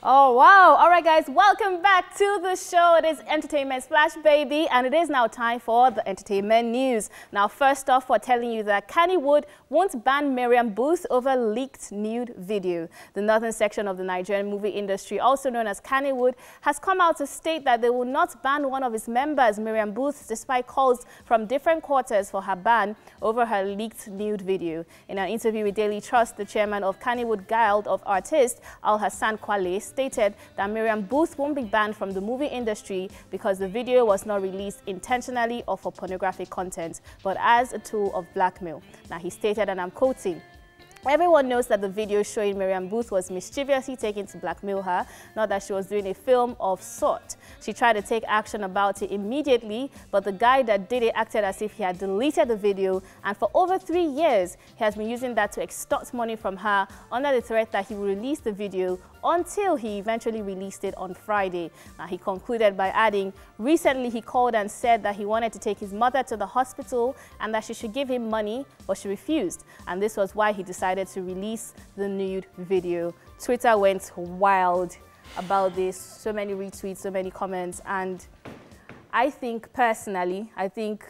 Oh wow! All right, guys, welcome back to the show. It is Entertainment Splash Baby, and it is now time for the entertainment news. Now, first off, we're telling you that Kanye Wood not ban Miriam Booth over leaked nude video. The northern section of the Nigerian movie industry, also known as Kennywood, has come out to state that they will not ban one of its members, Miriam Booth, despite calls from different quarters for her ban over her leaked nude video. In an interview with Daily Trust, the chairman of Kennywood Guild of Artists, Al Hassan Kwale, stated that Miriam Booth won't be banned from the movie industry because the video was not released intentionally or for pornographic content, but as a tool of blackmail. Now he stated, and I'm quoting, Everyone knows that the video showing Miriam Booth was mischievously taken to blackmail her, not that she was doing a film of sort. She tried to take action about it immediately, but the guy that did it acted as if he had deleted the video, and for over three years, he has been using that to extort money from her under the threat that he would release the video until he eventually released it on Friday. Now, he concluded by adding, recently he called and said that he wanted to take his mother to the hospital and that she should give him money, but she refused, and this was why he decided decided to release the nude video. Twitter went wild about this, so many retweets, so many comments, and I think personally, I think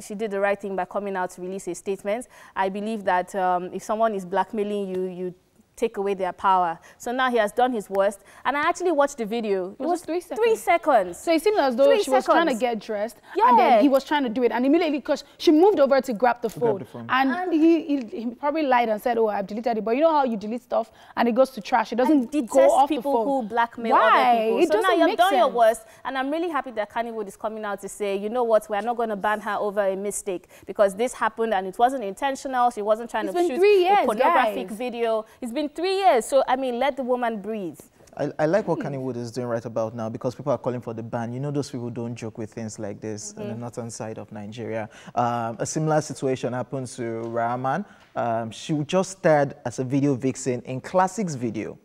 she did the right thing by coming out to release a statement. I believe that um, if someone is blackmailing you, you take away their power. So now he has done his worst. And I actually watched the video. it was three seconds. Three seconds. So it seemed as though three she seconds. was trying to get dressed. Yeah. And then he was trying to do it. And immediately, because she moved over to grab the phone. Grab the phone. And, and he, he, he, probably lied and said, oh, I've deleted it. But you know how you delete stuff and it goes to trash. It doesn't I go off people the phone. who blackmail Why? other people. It so doesn't now you've done sense. your worst. And I'm really happy that Kannywood is coming out to say, you know what, we're not going to ban her over a mistake because this happened and it wasn't intentional. She wasn't trying it's to shoot years, a pornographic guys. video. It's been been three years, so I mean, let the woman breathe. I, I, like what Kanye Wood is doing right about now because people are calling for the ban. You know, those people don't joke with things like this mm -hmm. on the mm-hmm. northern side of Nigeria. Um, a similar situation happened to Rahman. Um, she just starred as a video vixen in Classics video.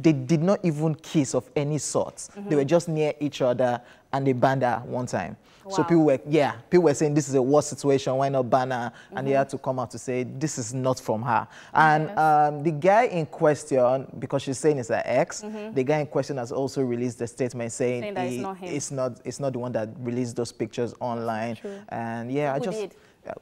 They did not even kiss of any sort. Mm -hmm. They mm-hmm. were just near each other and they banned her one time. Wow. So people were, yeah, people were saying this is a worse situation. Why not ban her? And mm -hmm. they mm-hmm. had to come out to say this is not from her. And yes. um, the guy in question, because she's saying it's her ex, mm -hmm. the guy in question has also released a statement saying, saying he, it's, not it's, not it's not the one that released those pictures online. True. And yeah, Who I just. Did?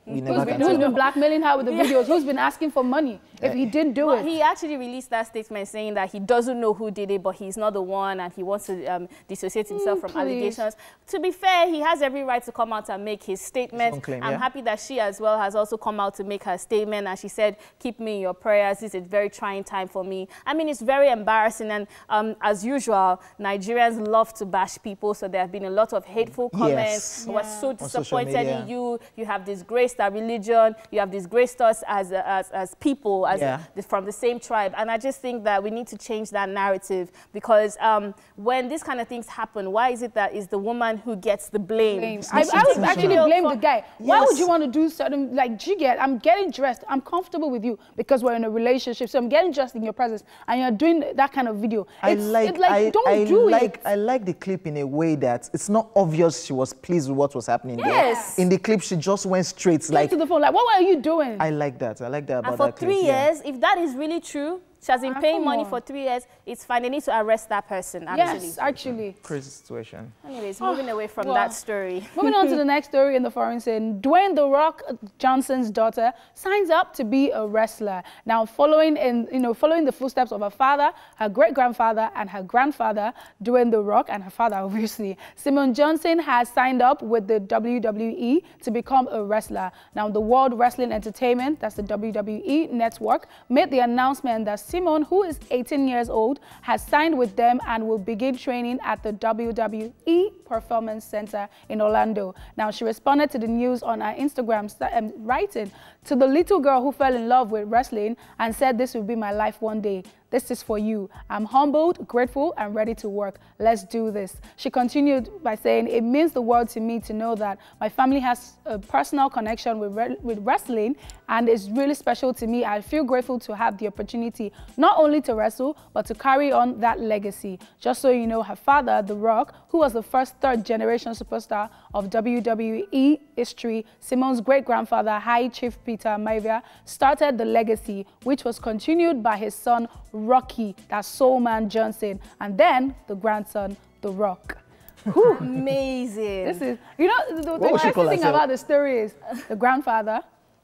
we never who's been, who's been blackmailing her with the yeah. videos? Who's been asking for money if he didn't do well, it? He actually released that statement saying that he doesn't know who did it, but he's not the one, and he wants to um, dissociate mm, himself mm, from please. allegations. To be fair, he has every right to come out and make his statement. Claim, I'm yeah. happy that she as well has also come out to make her statement, and she said, "Keep me in your prayers. This is a very trying time for me." I mean, it's very embarrassing, and um, as usual, Nigerians love to bash people, so there have been a lot of hateful comments. Yes. We're so disappointed in you. You have this disgraced our religion. You have disgraced us as, uh, as, as people, as yeah. from the same tribe. And I just think that we need to change that narrative because um, when these kind of things happen, why is it that it's the woman who gets the blame? blame. I, I would actually blame the guy. Yes. Why would you want to do certain, like, do you get, I'm getting dressed, I'm comfortable with you because we're in a relationship, so I'm getting dressed in your presence, and you're doing that kind of video. I it's, like, it, like I, don't I do like, it. I like the clip in a way that it's not obvious she was pleased with what was happening yes. there. In the clip, she just went straight Straight like, to the phone. Like, what were you doing? I like that. I like that about and for that three case. years, yeah. if that is really true, she has been ah, paying money on. for three years. It's fine. They need to arrest that person, actually. Yes, actually. Crazy situation. Anyways, ah, moving away from well, that story. Moving on to the next story in the foreign scene. Dwayne The Rock Johnson's daughter signs up to be a wrestler. Now, following in, you know, following the footsteps of her father, her great-grandfather, and her grandfather, Dwayne The Rock, and her father, obviously, Simone Johnson has signed up with the WWE to become a wrestler. Now, the World Wrestling Entertainment, that's the WWE network, made the announcement that Simon, who is 18 years old, has signed with them and will begin training at the WWE Performance Center in Orlando. Now, she responded to the news on her Instagram um, writing, to the little girl who fell in love with wrestling and said this will be my life one day. This is for you. I'm humbled, grateful, and ready to work. Let's do this. She continued by saying, It means the world to me to know that my family has a personal connection with, re with wrestling and it's really special to me. I feel grateful to have the opportunity not only to wrestle, but to carry on that legacy. Just so you know, her father, The Rock, who was the first third generation superstar of WWE history, Simone's great grandfather, High Chief Peter Maivia, started the legacy, which was continued by his son, Rocky, that's Soul Man Johnson, and then the grandson, The Rock. Whew. Amazing. This is, you know, the, the interesting thing about the story is the grandfather,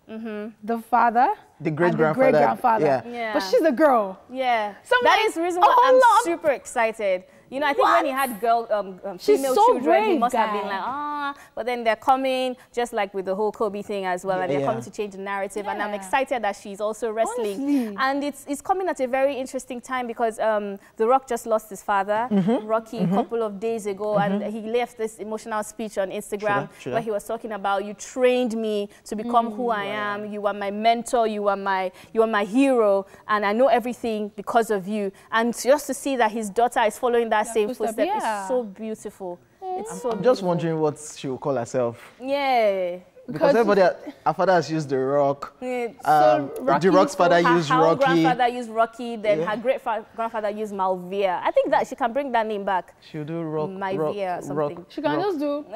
mm -hmm. the father, the great grandfather, great grandfather. Yeah. yeah. But she's a girl. Yeah. So that is the reason why I'm lot. super excited you know, I think what? when he had girl, um, um female so children, brave, he must guy. have been like, ah. But then they're coming, just like with the whole Kobe thing as well, yeah, and they're yeah. coming to change the narrative. Yeah. And I'm excited that she's also wrestling. Honestly. And it's it's coming at a very interesting time because um, The Rock just lost his father, mm -hmm. Rocky, a mm -hmm. couple of days ago, mm -hmm. and he left this emotional speech on Instagram where he was talking about, "You trained me to become who I mm. am. You were my mentor. You were my you were my hero, and I know everything because of you." And just to see that his daughter is following that that same footstep. Yeah. It's so beautiful. Mm. It's I'm beautiful. just wondering what she will call herself. Yeah. Because everybody, our father has used the rock. Yeah, um, so Rocky, the rock's father so used Rocky. Her grandfather used Rocky. Then yeah. her great grandfather used Malvia. I think that she can bring that name back. She'll do rock, Malvia rock, or something. Rock, she can rock. just do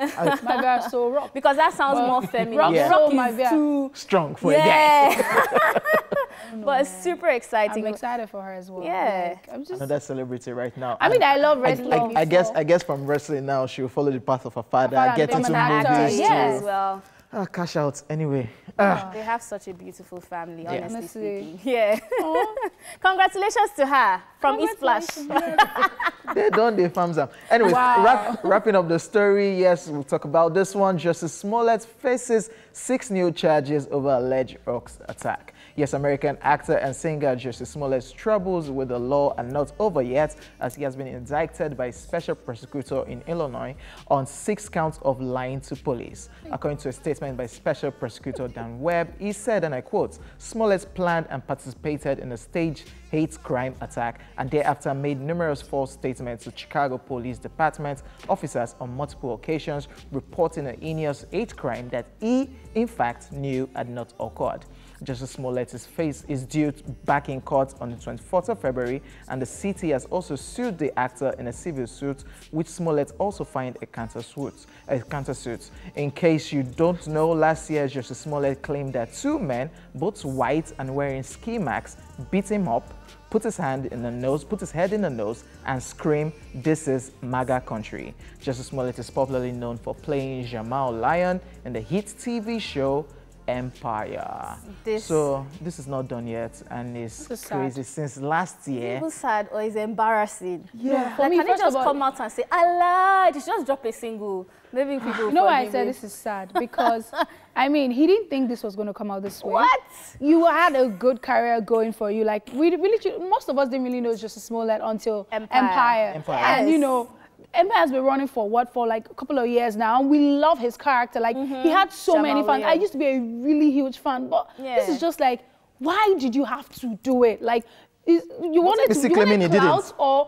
Malvia so rock. Because that sounds well, more feminine. Rock, yeah. rock so is too strong for yeah. a guy. but it's super exciting. I'm excited for her as well. Yeah. Like, I'm just another celebrity right now. I mean, I, love wrestling. I, I, I, guess I guess from wrestling now she'll follow the path of her father, I get into movies yeah. as well. Ah, cash out anyway. They ah. have such a beautiful family, yeah. honestly speaking. Yeah. Congratulations to her from East Flash. they don't they thumbs up. Anyway, wow. wrap, wrapping up the story, yes, we'll talk about this one. Justice Smollett faces six new charges over alleged rocks attack. Yes, American actor and singer Jesse Smollett's troubles with the law are not over yet as he has been indicted by a special prosecutor in Illinois on six counts of lying to police. According to a statement by special prosecutor Dan Webb, he said, and I quote, Smollett planned and participated in a staged hate crime attack and thereafter made numerous false statements to Chicago Police Department officers on multiple occasions reporting a heinous hate crime that he, in fact, knew had not occurred. Justice Smollett's face is due back in court on the 24th of February, and the city has also sued the actor in a civil suit, which Smollett also filed a countersuit. A countersuit. In case you don't know, last year Justice Smollett claimed that two men, both white and wearing ski masks, beat him up, put his hand in the nose, put his head in the nose, and scream, "This is MAGA country." Justice Smollett is popularly known for playing Jamal Lyon in the hit TV show empire. This so this is not done yet, and it's crazy since last year. It's sad or it's embarrassing. Yeah. like, me, can you just come out and say, lied. just just drop a single." Maybe people. Ah, no, I said this is sad because, I mean, he didn't think this was going to come out this way. What? You had a good career going for you. Like we, we literally, most of us didn't really know Justice Smollett until Empire. Empire. Empire. Yes. And you know Ember has been running for what, for like a couple of years now. And we love his character. Like, mm -hmm. he mm-hmm. had so Jamal, many fans. I used to be a really huge fan, but yeah. this is just like, why did you have to do it? Like, is, you wanted it's to, you wanted clout or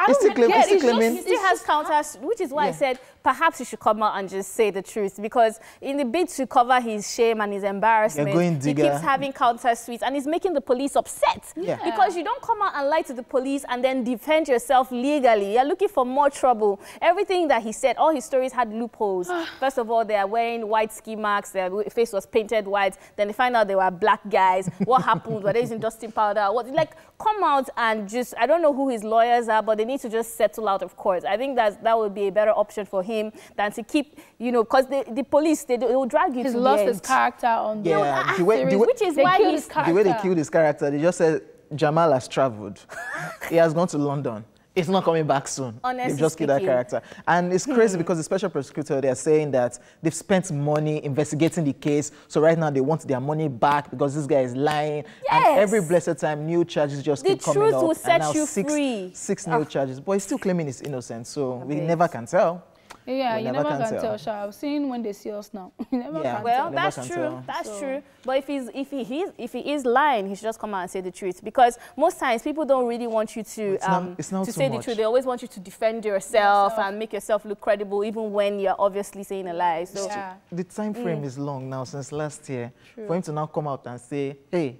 I don't it's get it. It's just, he still has counters, which is why yeah. I said perhaps he should come out and just say the truth because in the bid to cover his shame and his embarrassment, he keeps having counter suits and he's making the police upset yeah. because you don't come out and lie to the police and then defend yourself legally. You're looking for more trouble. Everything that he said, all his stories had loopholes. First of all, they are wearing white ski marks. Their face was painted white. Then they find out they were black guys. What happened? Were they using dusting powder? What, like, come out and just, I don't know who his lawyers are, but they need to just settle out of court. I think that that would be a better option for him him than to keep, you know, because the, the police, they, they will drag you He's lost his character on the yeah, the way, the way, which is why he's... The way they killed his character, they just said, Jamal has traveled. he has gone to London. It's not coming back soon. Honestly they've just killed that character. And it's crazy hmm. because the special prosecutor, they're saying that they've spent money investigating the case. So right now they want their money back because this guy is lying. Yes. And every blessed time, new charges just the keep coming up. The truth will set you six, free. Six new ah. charges. But he's still claiming he's innocent. So we bit. never can tell. Yeah, you never, can, can tell. tell. I've seen when they see us now. you never yeah. can well, tell. that's true. Tell. That's so. true. But if he's if he he's, if he is lying, he should just come out and say the truth because most times people don't really want you to um, not, not to say much. the truth. They always want you to defend yourself, and make yourself look credible, even when you're obviously saying a lie. So yeah. the time frame mm. is long now since last year true. for him to now come out and say, "Hey,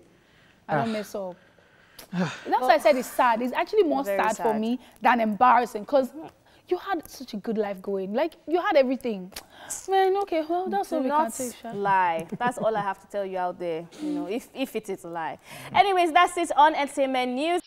I don't ah. mess up." That's well, why I said it's sad. It's actually more sad, sad, for me than embarrassing because you had such a good life going. Like, you had everything. Man, okay, well, that's Do all we can take, lie. That's all I have to tell you out there, you know, if, if it is a lie. Anyways, that's it on Entertainment News.